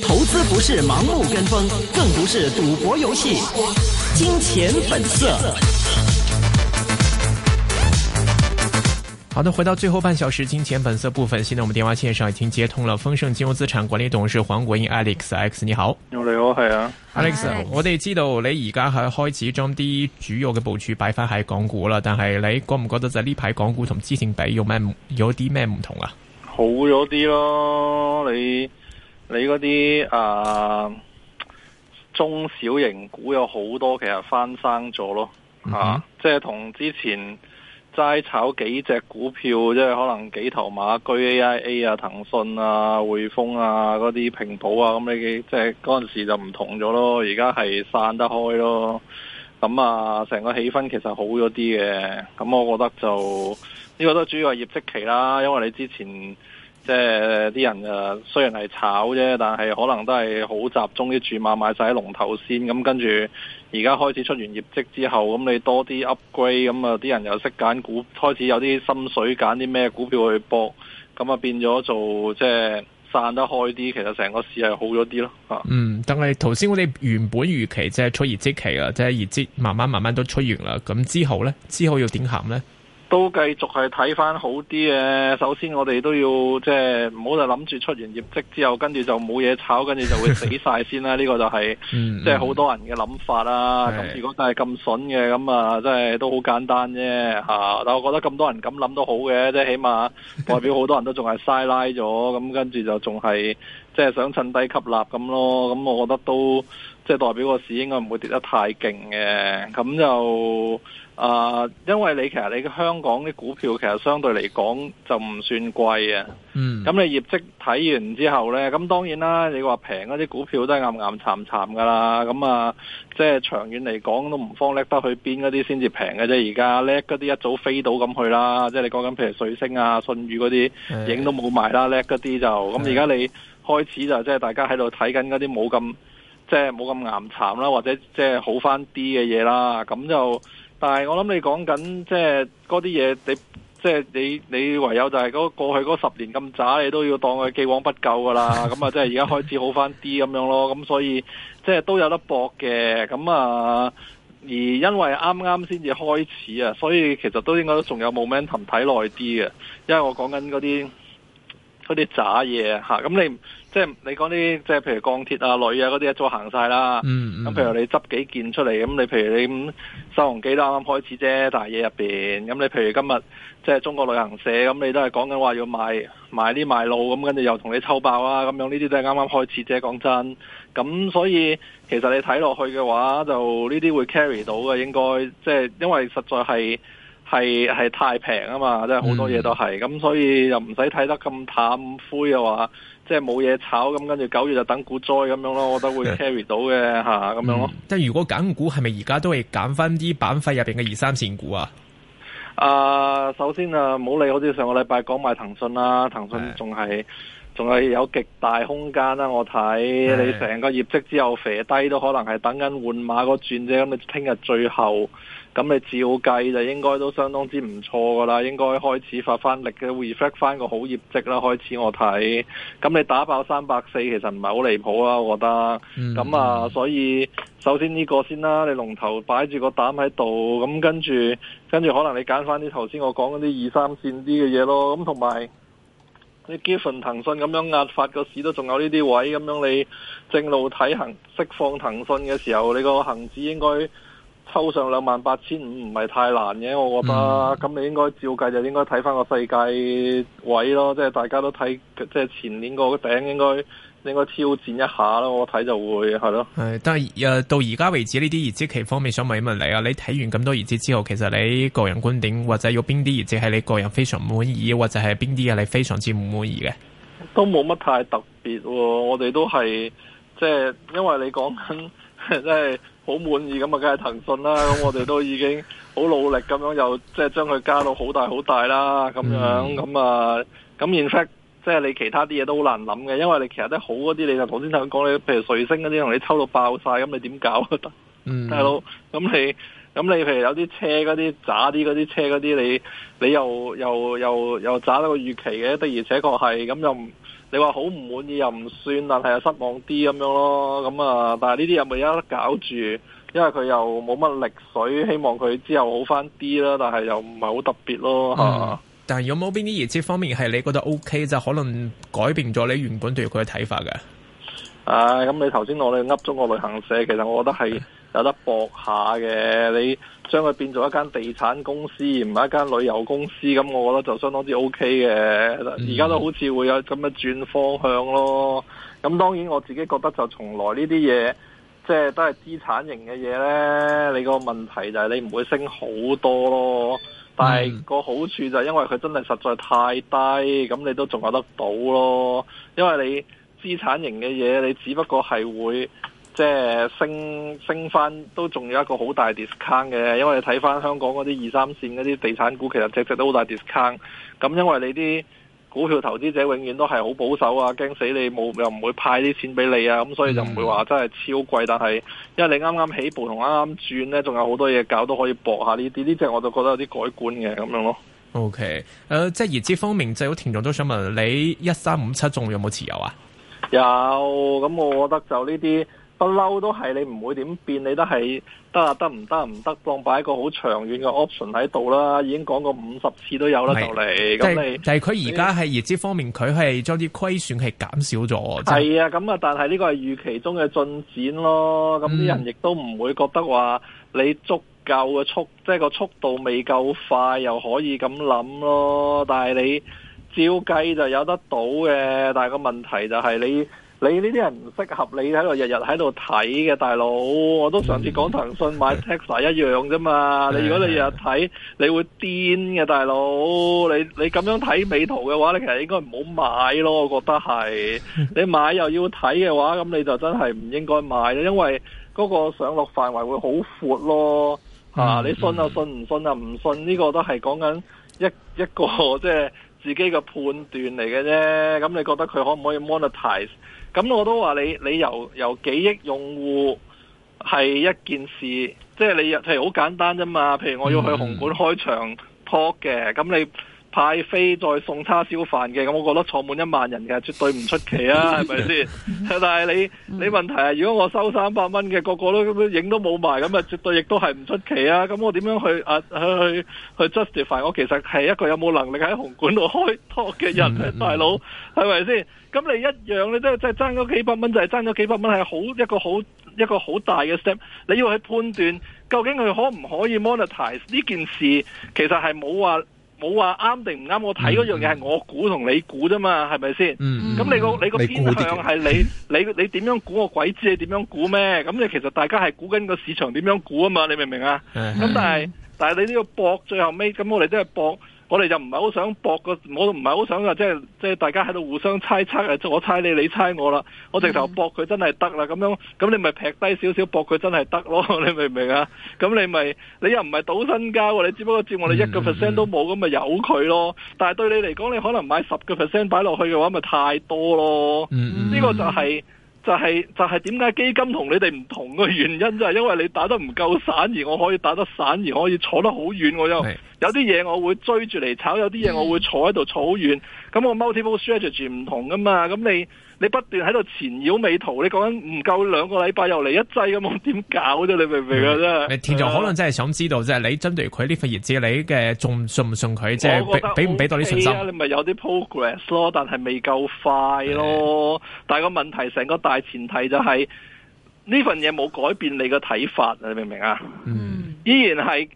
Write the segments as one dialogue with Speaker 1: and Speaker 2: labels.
Speaker 1: 投資不是盲目跟風，更不是賭博遊戲。金錢本色。好的，回到最後半小時金錢本色部分。現在我們電話線上已經接通了豐盛金融資產管理董事黃國英 Alex。Alex，你好。
Speaker 2: 你好，係啊。
Speaker 1: Alex，Hi. 我哋知道你而家係開始將啲主要嘅布局擺翻喺港股啦，但係你覺唔覺得就呢排港股同之前比有咩有啲咩唔同啊？
Speaker 2: 好咗啲咯，你你嗰啲啊中小型股有好多其實翻生咗咯，吓、mm hmm. 啊、即係同之前齋炒幾隻股票，即係可能幾頭馬居 AIA 啊、騰訊啊、匯豐啊嗰啲平保啊，咁、嗯、你即係嗰陣時就唔同咗咯，而家係散得開咯，咁、嗯、啊成個氣氛其實好咗啲嘅，咁、嗯、我覺得就。呢個都主要係業績期啦，因為你之前即係啲人誒、呃，雖然係炒啫，但係可能都係好集中啲注碼買晒喺龍頭先。咁跟住而家開始出完業績之後。咁、嗯、你多啲 upgrade，咁啊啲人又識揀股，開始有啲心水揀啲咩股票去搏，咁啊變咗做即係散得開啲，其實成個市係好咗啲咯吓。嗯，
Speaker 1: 但係頭先我哋原本預期即係出業績期啊，即、就、係、是、業績慢慢慢慢都出完啦，咁之後呢？之後要點行呢？
Speaker 2: 都繼續係睇翻好啲嘅，首先我哋都要即係唔好就諗住出完業績之後，跟住就冇嘢炒，跟住就會死晒先啦。呢 個就係、是、 即係好多人嘅諗法啦。咁、 嗯嗯、如果真係咁筍嘅，咁啊即係都好簡單啫嚇、啊。但我覺得咁多人咁諗都好嘅，即係起碼代表好多人都仲係嘥拉咗，咁 跟住就仲係即係想趁低吸納咁咯。咁我覺得都即係代表個市應該唔會跌得太勁嘅。咁就。啊，uh, 因為你其實你香港啲股票其實相對嚟講就唔算貴啊。咁、嗯、你業績睇完之後呢，咁當然啦，你話平嗰啲股票都係岩岩慘慘㗎啦。咁啊，即係長遠嚟講都唔方叻得去邊，嗰啲先至平嘅啫。而家叻嗰啲一早飛到咁去啦。即係你講緊譬如瑞聲啊、舜宇嗰啲影都冇賣啦，叻嗰啲就咁。而家你開始就即係大家喺度睇緊嗰啲冇咁，即係冇咁岩慘啦，或者即係好返啲嘅嘢啦。咁就.但係我諗你講緊即係嗰啲嘢，你即係你你唯有就係嗰過去嗰十年咁渣，你都要當佢既往不咎噶啦，咁啊即係而家開始好翻啲咁樣咯，咁所以即係都有得搏嘅，咁啊而因為啱啱先至開始啊，所以其實都應該都仲有 momentum 睇耐啲嘅，因為我講緊嗰啲。嗰啲渣嘢嚇，咁、啊、你即係、就是、你講啲即係譬如鋼鐵啊、鋁啊嗰啲，一早行晒啦。咁、嗯嗯、譬如你執幾件出嚟，咁你譬如你、嗯、收紅機都啱啱開始啫，大嘢入邊。咁你譬如今日即係中國旅行社，咁你都係講緊話要賣賣啲賣路，咁跟住又同你抽爆啊，咁樣呢啲都係啱啱開始啫。講真，咁所以其實你睇落去嘅話，就呢啲會 carry 到嘅，應該即係、就是、因為實在係。係係太平啊嘛，即係好多嘢都係，咁、嗯、所以又唔使睇得咁淡灰啊，話即係冇嘢炒，咁跟住九月就等股災咁樣咯，我都會 carry 到嘅
Speaker 1: 吓，咁、嗯、樣咯。即係、嗯、如果揀股，係咪而家都係揀翻啲板塊入邊嘅二三線股啊？
Speaker 2: 啊、呃，首先啊，冇理好似上個禮拜講埋騰訊啦，騰訊仲係仲係有極大空間啦、啊。我睇是你成個業績之後肥低，都可能係等緊換馬個轉啫。咁你聽日最後。咁你照計就應該都相當之唔錯㗎啦，應該開始發翻力嘅，reflect 翻個好業績啦。開始我睇，咁你打爆三百四其實唔係好離譜啊，我覺得。咁、嗯、啊，所以首先呢個先啦，你龍頭擺住個膽喺度，咁跟住跟住可能你揀翻啲頭先我講嗰啲二三線啲嘅嘢咯。咁同埋你份騰訊咁樣壓發個市都仲有呢啲位咁樣，你正路睇行釋放騰訊嘅時候，你個恆指應該。抽上兩萬八千五唔係太難嘅，我覺得咁、嗯、你應該照計就應該睇返個世界位咯，即係大家都睇，即係前年個頂應該應該挑戰一下咯。我睇就會係咯。
Speaker 1: 係，但係誒，到而家為止呢啲業績期方面，想問一問你啊，你睇完咁多業績之後，其實你個人觀點或者有邊啲業績係你個人非常滿意，或者係邊啲嘢你非常之唔滿意嘅？
Speaker 2: 都冇乜太特別，我哋都係即係，因為你講緊即係。 好滿意咁啊，梗係騰訊啦！咁、嗯、我哋都已經好努力咁樣，又即係將佢加到好大好大啦咁樣咁啊！咁 In fact，即係你其他啲嘢都好難諗嘅，因為你其實都好嗰啲，你就頭先頭講，你譬如瑞星嗰啲同你抽到爆晒，咁你點搞都得。嗯、大佬，咁你咁你譬如有啲車嗰啲渣啲嗰啲車嗰啲，你你又又又又渣得個預期嘅，的而且確係咁又唔～你話好唔滿意又唔算，但係又失望啲咁樣咯。咁啊，但係呢啲又咪一搞住，因為佢又冇乜力水，希望佢之後好翻啲啦。但係又唔係好特別咯。嗯嗯、
Speaker 1: 但係有冇邊啲業績方面係你覺得 O K 就可能改變咗你原本對佢嘅睇法嘅？
Speaker 2: 啊！咁你頭先我咧噏中國旅行社，其實我覺得係、嗯。有得搏下嘅，你將佢變做一間地產公司，而唔係一間旅遊公司，咁我覺得就相當之 OK 嘅。而家都好似會有咁嘅轉方向咯。咁當然我自己覺得就從來呢啲嘢，即係都係資產型嘅嘢呢，你個問題就係你唔會升好多咯。但係個好處就係因為佢真係實在太低，咁你都仲有得到咯。因為你資產型嘅嘢，你只不過係會。即係升升翻，都仲有一個好大 discount 嘅。因為你睇翻香港嗰啲二三綫嗰啲地產股，其實只只都好大 discount。咁因為你啲股票投資者永遠都係好保守啊，驚死你冇又唔會派啲錢俾你啊，咁所以就唔會話真係超貴。嗯、但係因為你啱啱起步同啱啱轉呢，仲有好多嘢搞，都可以搏下呢啲。呢隻我就覺得有啲改觀嘅咁樣咯。OK，
Speaker 1: 誒，即係言之方面，就好田總都想問你一三五七仲有冇持有啊？
Speaker 2: 有，咁、嗯、我覺得就呢啲。不嬲都係你唔會點變，你都係得啊，啊，啊，啊，啊，得唔得唔得，當擺一個好長遠嘅 option 喺度啦，已經講過五十次都有啦，就嚟咁你。但係佢而家
Speaker 1: 係業績方面，佢係將啲虧損係減少咗。係、就、
Speaker 2: 啊、是，咁啊，但係呢個係預期中嘅進展咯。咁啲人亦都唔會覺得話你足夠嘅速，嗯、即係個速度未夠快，又可以咁諗咯。但係你照計就有得到嘅，但係個問題就係你。你呢啲人唔適合你喺度日日喺度睇嘅，大佬。我都上次講騰訊買 Tesla 一樣啫嘛。你如果你日日睇，你會癲嘅，大佬。你你咁樣睇美圖嘅話，你其實應該唔好買咯，我覺得係。你買又要睇嘅話，咁你就真係唔應該買咧，因為嗰個上落範圍會好闊咯嚇、啊。你信就、啊信，信，啊、信，唔信就唔信，呢個都係講緊一一個即係自己嘅判斷嚟嘅啫。咁你覺得佢可唔可以 monetize？咁我都話你，你由由幾億用戶係一件事，即係你，譬如好簡單啫嘛，譬如我要去紅館開場 talk 嘅，咁你。派飛再送叉燒飯嘅，咁我覺得坐滿一萬人嘅絕對唔出奇啊，係咪先？ 但係你 你問題係，如果我收三百蚊嘅，個個都影都冇埋，咁啊絕對亦都係唔出奇啊！咁我點樣去啊去去，去 justify？我其實係一個有冇能力喺紅館度開託嘅人 大佬係咪先？咁你一樣你即係即係爭咗幾百蚊，就係爭咗幾百蚊，係好一個好一個好大嘅 step。你要去判斷究竟佢可唔可以 monetize 呢件事，其實係冇話。冇話啱定唔啱，我睇嗰樣嘢，係我估同你估啫嘛，係咪先？咁、嗯、你個你個偏向係你你你點樣估，我鬼知你點樣估咩？咁你其實大家係估緊個市場點樣估啊嘛？你明唔明啊？
Speaker 1: 咁、嗯嗯、但係、嗯、
Speaker 2: 但係你呢個搏最後尾，咁我哋都係搏。我哋就唔係好想搏個，我都唔係好想啊！即係即係大家喺度互相猜測啊！我猜你，你猜我啦。我直頭搏佢真係得啦，咁樣咁你咪劈低少少搏佢真係得咯。你明唔明啊？咁你咪你又唔係賭身家，你只不過佔我哋一個 percent 都冇，咁咪由佢咯。但係對你嚟講，你可能買十個 percent 擺落去嘅話，咪太多咯。呢個就係。就係、是、就係點解基金你同你哋唔同嘅原因，就係、是、因為你打得唔夠散，而我可以打得散，而我可以坐得好遠。我又有啲嘢是我會追住嚟炒，有啲嘢我會坐喺度坐好遠。咁我 multiple strategy 唔同噶嘛，咁你。你不斷喺度纏繞美圖，你講緊唔夠兩個禮拜又嚟一劑咁，我點搞啫？你明唔明啊？真係、
Speaker 1: 嗯、田總可能真係想知道，即係、嗯、你針對佢呢份業績，你嘅仲信唔信佢？即係俾俾唔俾到啲信心？
Speaker 2: 你咪有啲 progress 咯，但係未夠快咯。的但係個問題，成個大前提就係、是、呢份嘢冇改變你嘅睇法，你明唔明啊？嗯，依然係。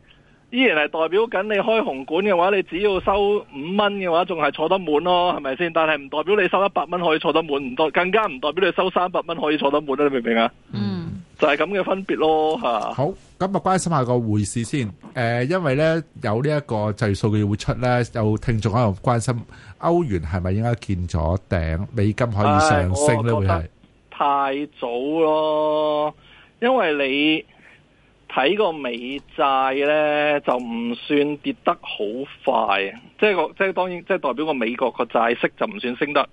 Speaker 2: 依然係代表緊你開紅館嘅話，你只要收五蚊嘅話，仲係坐得滿咯，係咪先？但係唔代表你收一百蚊可以坐得滿，唔代更加唔代表你收三百蚊可以坐得滿啊！你明唔明啊？嗯，就係咁嘅分別咯，嚇。好，咁啊，關心下個匯市先。誒、呃，因為呢，有呢一個就係數據會出呢，有聽眾喺度關心歐元係咪應該見咗
Speaker 1: 頂，美金可以上升呢？會係、哎、
Speaker 2: 太早咯，因為你。睇個美債咧，就唔算跌得好快，即係個即係當然，即係代表個美國個債息就唔算升得，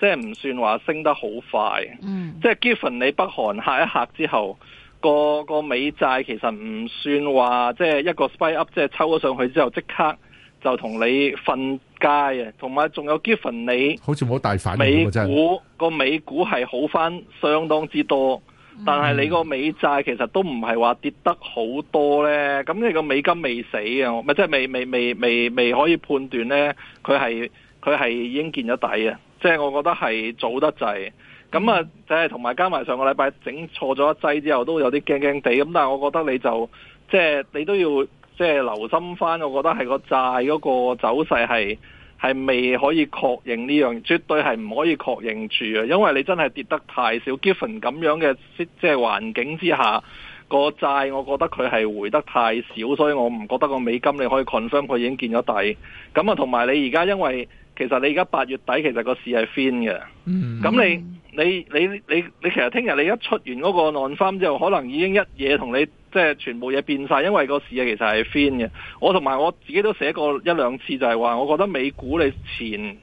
Speaker 2: 即係唔算話升得好快。嗯，即係 given，你北韓下一刻之後，個個美債其實唔算話即係一個 spy up，即係抽咗上去之後即刻就同你瞓街啊！同埋仲有 given，你
Speaker 1: 好似冇大反應㗎真係。美股
Speaker 2: 個美股係好翻，相當之多。但係你個美債其實都唔係話跌得好多咧，咁你個美金未死啊，咪即係未未未未未可以判斷咧，佢係佢係已經見咗底啊，即係我覺得係早得滯咁啊，即係同埋加埋上，上個禮拜整錯咗一劑之後都有啲驚驚地咁，但係我覺得你就即係、就是、你都要即係留心翻，我覺得係個債嗰個走勢係。係未可以確認呢樣，絕對係唔可以確認住啊！因為你真係跌得太少，given 咁樣嘅即係環境之下，個債我覺得佢係回得太少，所以我唔覺得個美金你可以 confirm，佢已經見咗底。咁啊，同埋你而家因為。其實你而家八月底，其實個市係 fine 嘅。咁、mm hmm. 你你你你，你其實聽日你一出完嗰個 non-farm 之後，可能已經一嘢同你即係全部嘢變晒。因為個市啊其實係 fine 嘅。我同埋我自己都寫過一兩次，就係話，我覺得美股你前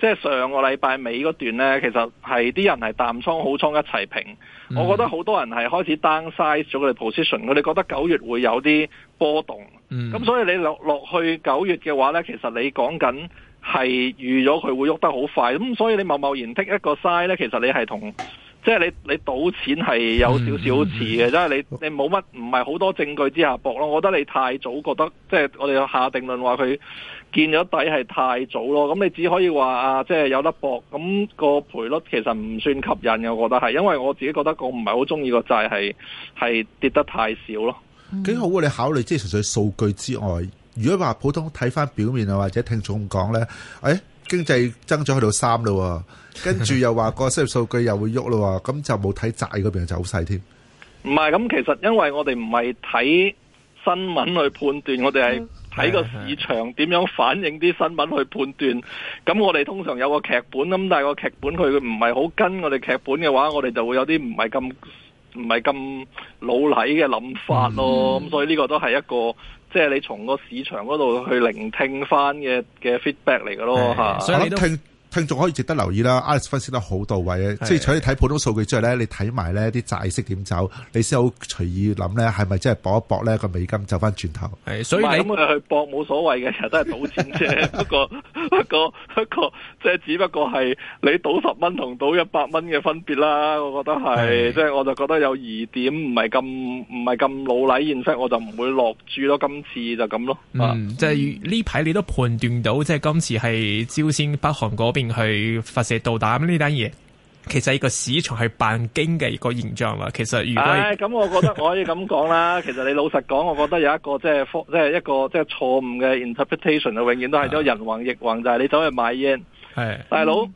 Speaker 2: 即係上個禮拜尾嗰段呢，其實係啲人係淡倉好倉一齊平。Mm hmm. 我覺得好多人係開始 downsize 咗佢哋 position，佢哋覺得九月會有啲波動。咁、mm hmm. 所以你落落去九月嘅話呢，其實你講緊。係預咗佢會喐得好快，咁、嗯、所以你貿貿然剔一個 size 呢。其實你係同即係你你賭錢係有少少，少似嘅，即係、嗯嗯、你你冇乜唔係好多證據之下博咯。我覺得你太早覺得即係我哋有下定論話佢見咗底係太早咯。咁你只可以話啊，即係有得搏。咁、個賠率其實唔算吸引嘅，我覺得係，因為我自己覺得我唔係好中意個債係係跌得太少咯。幾、嗯、好啊！你考慮即係純粹數據之外。如果話普通睇翻表面啊，或者聽總聽眾講咧，誒，經濟增咗去到三啦，跟住又話個失業數據又會喐啦，咁就冇睇債嗰邊走勢添。唔係，咁其實因為我哋唔係睇新聞去判斷，我哋係睇個市場點樣反映啲新聞去判斷。咁我哋通常有個劇本咁，但係個劇本佢唔係好跟我哋劇本嘅話，我哋就會有啲唔係咁唔係咁老底嘅諗法咯。咁所以呢個都係一個。即係你從個市場嗰度去聆聽翻嘅嘅 feedback 嚟嘅咯吓，所以你都。
Speaker 1: 聽眾可以值得留意啦，Alex 分析得好到位，是即係除咗睇普通數據之外咧，你睇埋咧啲債息點走，你先好隨意諗咧，係咪真係搏一搏咧個美金走翻轉頭？
Speaker 2: 係，所以你樣去搏冇所謂嘅，其都係賭錢啫。不過不過不過，即係只不過係你賭十蚊同賭一百蚊嘅分別啦。我覺得係，即係是我就覺得有疑點，唔係咁唔係咁老禮意識，現我就唔會落注咯。今次就咁咯。
Speaker 1: 即係呢排你都判斷到，即係今次係朝先北韓嗰邊去發射導彈呢單嘢，其實呢個市場係扮驚嘅一個現象啊。其實如果，
Speaker 2: 咁、哎、我覺得我可以咁講啦。 其實你老實講，我覺得有一個即係即係一個即係錯誤嘅 interpretation，就，是、就 interpret ation, 永遠都係都人云亦云，就係、是、你走去買日圓。係大佬，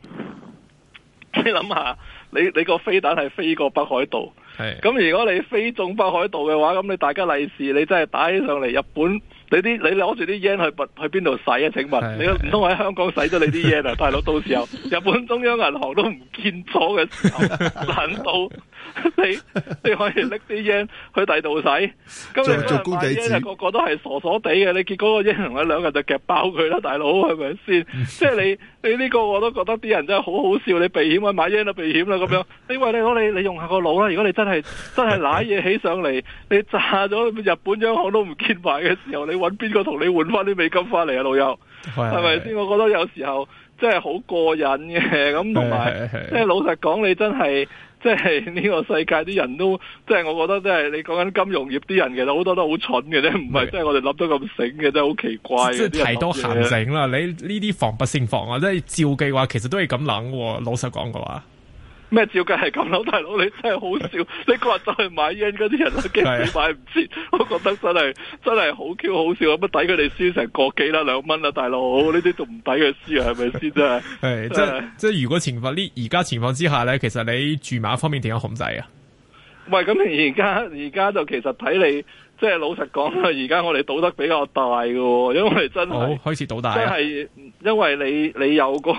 Speaker 2: 你諗下，你你個飛彈係飛過北海道，係咁的如果你飛中北海道嘅話，咁你大家利是，你真係打起上嚟日本。你啲你攞住啲煙去去邊度使啊？請問你唔通喺香港使咗你啲 yen 啊？大佬，到時候日本中央銀行都唔見咗嘅，時候，等 到。你 你可以拎啲 yen 去第度使，今日做買 yen 啊個個都係傻傻地嘅， 你結果個 yen 同兩個就夾爆佢啦，大佬係咪先？即係你你呢個我都覺得啲人真係好好笑，你避險啊買 yen 都避險啦咁樣。因為你喂你好你你用下個腦啦，如果你真係真係揦嘢起上嚟，你炸咗日本央行都唔揭埋嘅時候，你揾邊個同你換翻啲美金翻嚟啊，老友？
Speaker 1: 係咪先？
Speaker 2: 我覺得有時候真係好過癮嘅，咁同埋即係老實講，你真係。即係呢個世界啲人都，即係我覺得即係你講緊金融業啲人,其實好多都好蠢嘅咧，唔係即係我哋諗得咁醒嘅，真係好奇怪即係太多陷阱
Speaker 1: 啦，你呢啲防不勝防啊！即係照計劃其實都係咁諗，老實講嘅話。
Speaker 2: 咩照計係咁囉，大佬你真係好笑！你嗰日走去買煙嗰啲人，幾乎買唔知，我覺得真係真係好 Q 好笑多多啊！乜抵佢哋輸成個幾啦兩蚊啦，大佬呢啲都唔抵佢輸啊，係咪先真
Speaker 1: 係即係即係，即如果情況呢？而家情況之下咧，其實你注碼方面點樣控制啊？
Speaker 2: 喂，咁而家而家就其實睇你，即係老實講啦，而家我哋賭得比較大噶，因為真係好，
Speaker 1: 開始賭大，即係
Speaker 2: 因為你你有個。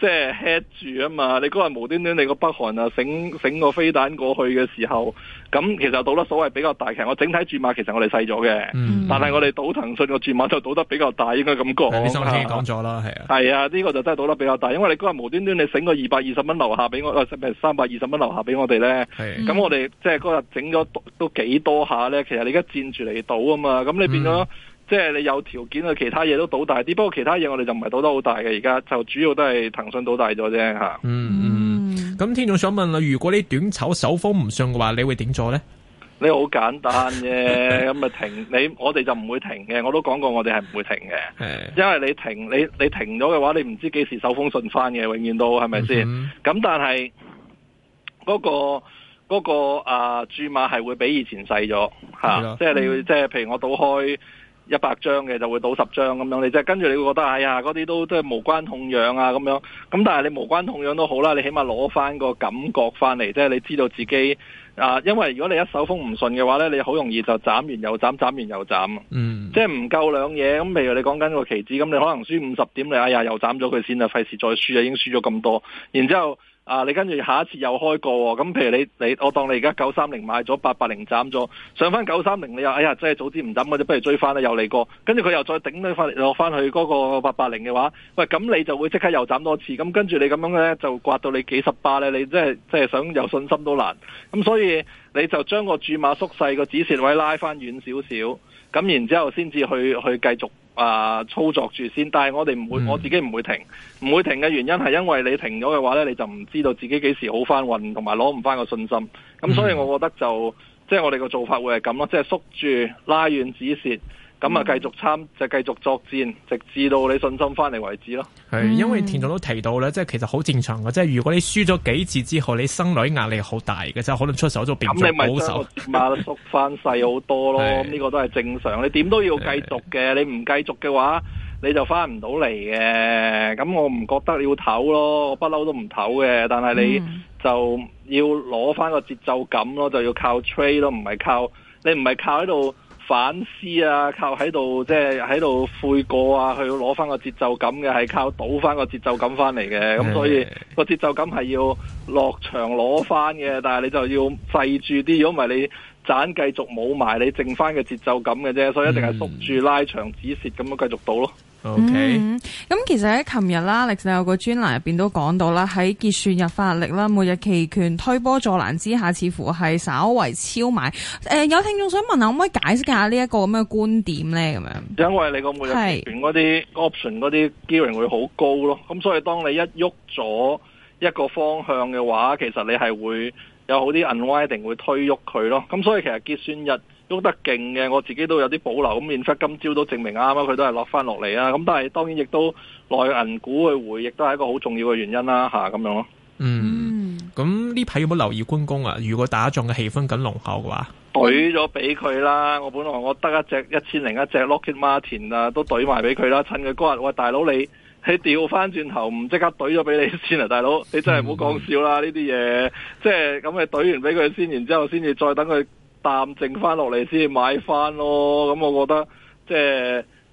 Speaker 2: 即係 heat 住啊嘛！你嗰日無端端你個北韓啊，醒醒個飛彈過去嘅時候，咁其實賭得所謂比較大。其實我整體注碼其實我哋細咗嘅，嗯、但係我哋賭騰訊個注碼就賭得比較大，應該咁講嚇。頭先講
Speaker 1: 咗啦，係、嗯、
Speaker 2: 啊，係啊，呢、啊呢個就真係賭得比較大，因為你嗰日無端端你整個二百二十蚊樓下畀我，誒三百二十蚊樓下畀我哋咧。咁、嗯嗯、我哋即係嗰日整咗都幾多下咧？其實你而家佔住嚟賭啊嘛，咁你變咗。嗯即係你有條件啊，其他嘢都賭大啲。不過其他嘢我哋就唔係賭得好大嘅，而家就主要都係騰訊賭大咗啫吓。嗯
Speaker 1: 嗯。咁天總想問啦，如果你短炒手風唔順嘅話，你會點做咧？
Speaker 2: 你好簡單嘅，咁啊停。你我哋就唔會停嘅。我都講過，我哋係唔會停嘅。因為你停你你停咗嘅話，你唔知幾時手風順翻嘅，永遠都係咪先？咁但係嗰個嗰個啊，注碼係會比以前細咗吓。即係你會即係，譬如我賭開。一百張嘅就會賭十張咁樣即係，跟住你會覺得哎呀嗰啲都都係無關痛癢啊咁樣，咁但係你無關痛癢都好啦，你起碼攞翻個感覺翻嚟即係，你知道自己啊、呃，因為如果你一手風唔順嘅話呢，你好容易就斬完又斬，斬完又斬，即係唔夠兩嘢咁，譬如你講緊個期指咁，你可能輸五十點你哎呀又斬咗佢先啦，費事再輸啊，已經輸咗咁多，然之後。啊！你跟住下一次又開過喎、哦，咁譬如你你我當你而家九三零買咗八八零斬咗，上翻九三零你又哎呀，真係早知唔斬嗰啲，不如追翻啦，又嚟過，跟住佢又再頂你翻落翻去嗰個八八零嘅話，喂咁你就會即刻又斬多次，咁跟住你咁樣咧就刮到你幾十八咧，你真係即係想有信心都難，咁所以你就將個注碼縮細，個止蝕位拉翻遠少少，咁然之後先至去去繼續。啊！操作住先，但係我哋唔會， 我自己唔會停，唔會停嘅原因係因為你停咗嘅話咧，你就唔知道自己幾時好翻運同埋攞唔翻個信心。咁所以，我覺得就即係我哋個做法會係咁咯，即係縮住拉遠止蝕。咁啊，繼續參就繼續作戰，直至到你信心翻嚟為止咯。
Speaker 1: 係、嗯，嗯、因為田總都提到咧，即係其實好正常嘅，即係如果你輸咗幾次之後，你生女壓力好大嘅，即係可能出手都變咗保守。咁、嗯、
Speaker 2: 你問咗我馬縮翻細好多咯，呢、嗯嗯、個都係正常。你點都要繼續嘅，嗯、你唔繼續嘅話，你就翻唔到嚟嘅。咁我唔覺得要唞咯，我不嬲都唔唞嘅。但係你就要攞翻個節奏感咯，就要靠 trade 咯，唔係靠你唔係靠喺度。反思啊，靠喺度即係喺度悔過啊，佢要攞翻個節奏感嘅，係靠倒翻個節奏感翻嚟嘅。咁、 嗯、所以個節奏感係要落場攞翻嘅，但係你就要細住啲，如果唔係，你盞繼續冇埋，你剩翻嘅節奏感嘅啫，所以一定係縮住拉長止蝕咁樣繼續倒咯。OK，咁、嗯嗯、其實喺琴日啦，力盛有個專欄入邊都講到啦，喺結算日發力啦，每日期權推波助瀾之下，似乎係稍微超買。
Speaker 1: 誒、呃，有聽眾想問下，可唔可以解釋下呢一個咁嘅觀點咧？咁樣，
Speaker 2: 因為你個每日期權嗰啲是 option 嗰啲 gearing 會好高咯，咁所以當你一喐咗一個方向嘅話，其實你係會有好啲 inwarding 會推喐佢咯。咁所以其實結算日都得勁嘅，我自己都有啲保留。咁，現實今朝都證明啱啱，佢都係落翻落嚟啊。咁但係當然亦都內銀股去回，亦都係一個好重要嘅原因啦。吓、啊，咁
Speaker 1: 樣咯。嗯，咁呢排有冇留意關公啊？如果打仗嘅氣氛緊濃厚嘅話，兌咗
Speaker 2: 俾佢啦。我本來我得一隻一千零一隻 Lockheed Martin 啊，Martin，都兌埋俾佢啦。趁佢嗰日，喂大佬你，你掉翻轉頭唔即刻兌咗俾你先啊，大佬你真係唔好講笑啦呢啲嘢。即係咁你兌完俾佢先，然之後先至再等佢。.暫剩翻落嚟先買翻咯，咁、嗯、我覺得即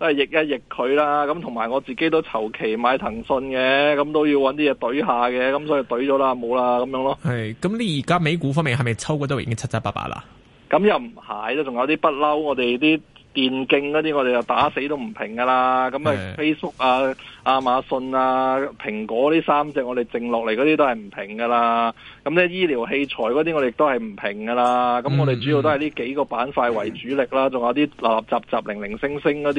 Speaker 2: 係逆一逆佢啦，咁同埋我自己都籌期買騰訊嘅，咁、嗯、都要揾啲嘢懟下嘅，咁、嗯、所以懟咗啦，冇啦咁樣咯。
Speaker 1: 係，咁你而家美股方面係咪抽過都已經七七八八啦？
Speaker 2: 咁、嗯、又唔係，都仲有啲不嬲，我哋啲。電競嗰啲我哋就打死都唔平噶啦，咁啊 Facebook 啊、亞馬遜啊、蘋果呢三隻我哋剩落嚟嗰啲都係唔平噶啦，咁咧醫療器材嗰啲我哋都係唔平噶啦，咁我哋主要都係呢幾個板塊為主力啦，仲有啲垃垃雜雜零零星星嗰啲，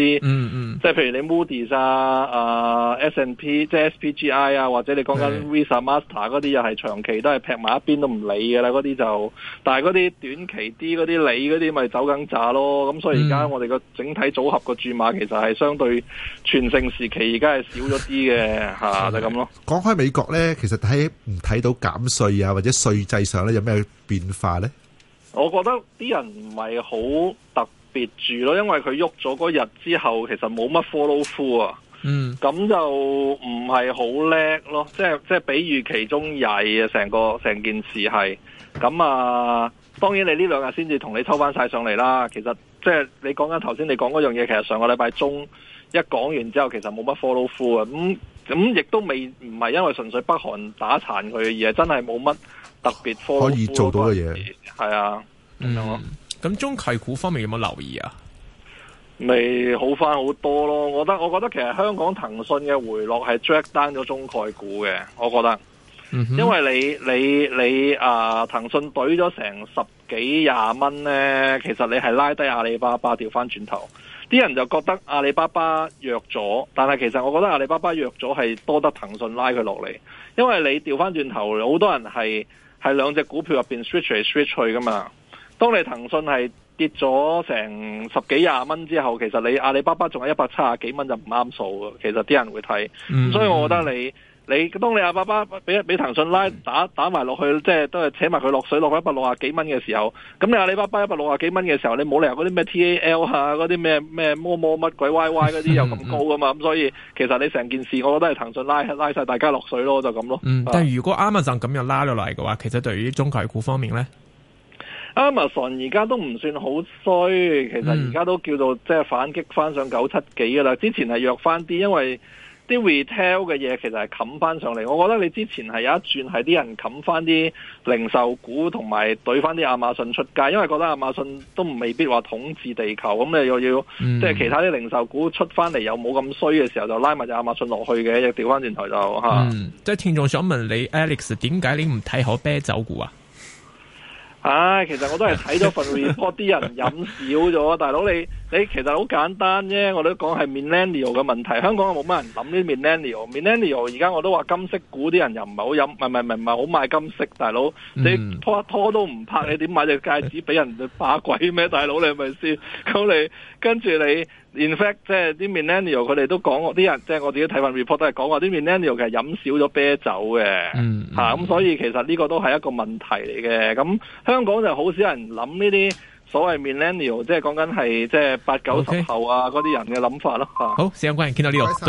Speaker 2: 即係譬如你 Moody's 啊、啊 S&P 即係 SPGI 啊，或者你講緊 Visa、Master 嗰啲又係長期都係劈埋一邊都唔理嘅啦，嗰啲就，但係嗰啲短期啲嗰啲你嗰啲咪走緊炸咯，咁所以而家我哋。個整體組合個注碼其實係相對全盛時期而家係少咗啲嘅吓， 就咁咯。
Speaker 1: 講開美國呢，其實睇
Speaker 2: 唔睇到減稅啊，或者稅制上呢有咩變化呢？我覺得啲人唔係好特別住咯，因為佢喐咗嗰日之後，其實冇乜 follow up 啊。嗯，咁就唔係好叻咯，即係即係，比喻其中曳啊，成個成件事係咁啊。當然，你呢兩日先至同你抽翻晒上嚟啦。其實。即係你講緊頭先，你講嗰樣嘢，其實上個禮拜中一講完之後，其實冇乜 follow through 啊，咁咁亦都未唔係因為純粹北韓打殘佢，而係真係冇乜特別 follow through 可以做
Speaker 1: 到嘅嘢，係啊，咁、嗯嗯、中概股方面有冇留意啊？
Speaker 2: 未好翻好多咯，我覺得，我覺得其實香港騰訊嘅回落係 drag down 咗中概股嘅，我覺得。嗯、因為你你你啊，騰訊懟咗成十幾廿蚊咧，其實你係拉低阿里巴巴調翻轉頭，啲人就覺得阿里巴巴弱咗，但係其實我覺得阿里巴巴弱咗係多得騰訊拉佢落嚟，因為你調翻轉頭，好多人係係兩隻股票入邊 switch 嚟 switch 去噶嘛。當你騰訊係跌咗成十幾廿蚊之後，其實你阿里巴巴仲係一百七廿幾蚊就唔啱數噶，其實啲人會睇，嗯、哼所以我覺得你。你當你阿里巴巴俾俾騰訊拉打打埋落去，即係都係扯埋佢落水，落翻一百六十幾蚊嘅時候，咁你阿里巴巴一百六十幾蚊嘅時候，你冇理由嗰啲咩 T A L 啊，嗰啲咩咩魔魔乜鬼 Y Y 嗰啲又咁高噶嘛？咁、 嗯嗯、所以其實你成件事，我覺得係騰訊拉拉曬大家落水咯，就咁咯。但係如
Speaker 1: 果 Amazon 咁樣拉落嚟嘅話，其實對於中概股方面咧
Speaker 2: ，Amazon 而家都唔算好衰，其實而家都叫做即係反擊翻上九七幾噶啦。之前係弱翻啲，因為。啲 retail 嘅嘢其實係冚翻上嚟，我覺得你之前係有一轉係啲人冚翻啲零售股同埋懟翻啲亞馬遜出街，因為覺得亞馬遜都未必話統治地球，咁你又要即係其他啲零售股出翻嚟又冇咁衰嘅時候，就拉埋隻亞馬遜落去嘅，又調翻轉頭就。嚇、啊。即
Speaker 1: 係、嗯、聽眾想問你 Alex 點解你唔睇好啤酒股啊？
Speaker 2: 唉、哎，其實我都係睇咗份 report，啲 人，人飲少咗，大佬你。你其實好簡單啫，我哋都講係 millennial 嘅問題。香港又冇乜人諗呢 millennial。millennial、mm. 而家我都話金色股啲人又唔係好飲，唔係唔係唔係好買金色，大佬你拖一拖都唔拍，你點買隻戒指俾人哋把鬼咩？大佬你係咪先？咁你跟住你，in fact 即係啲 millennial 佢哋都講啲人，即係我自己睇份 report 都係講話啲 millennial 其實飲少咗啤酒嘅嚇，咁、mm. 啊、所以其實呢個都係一個問題嚟嘅。咁香港就好少人諗呢啲。所謂 millennial，即係講緊係即係八九十後啊，嗰啲 Okay. 人嘅諗法咯吓，好，
Speaker 1: 時間關係，傾到呢度。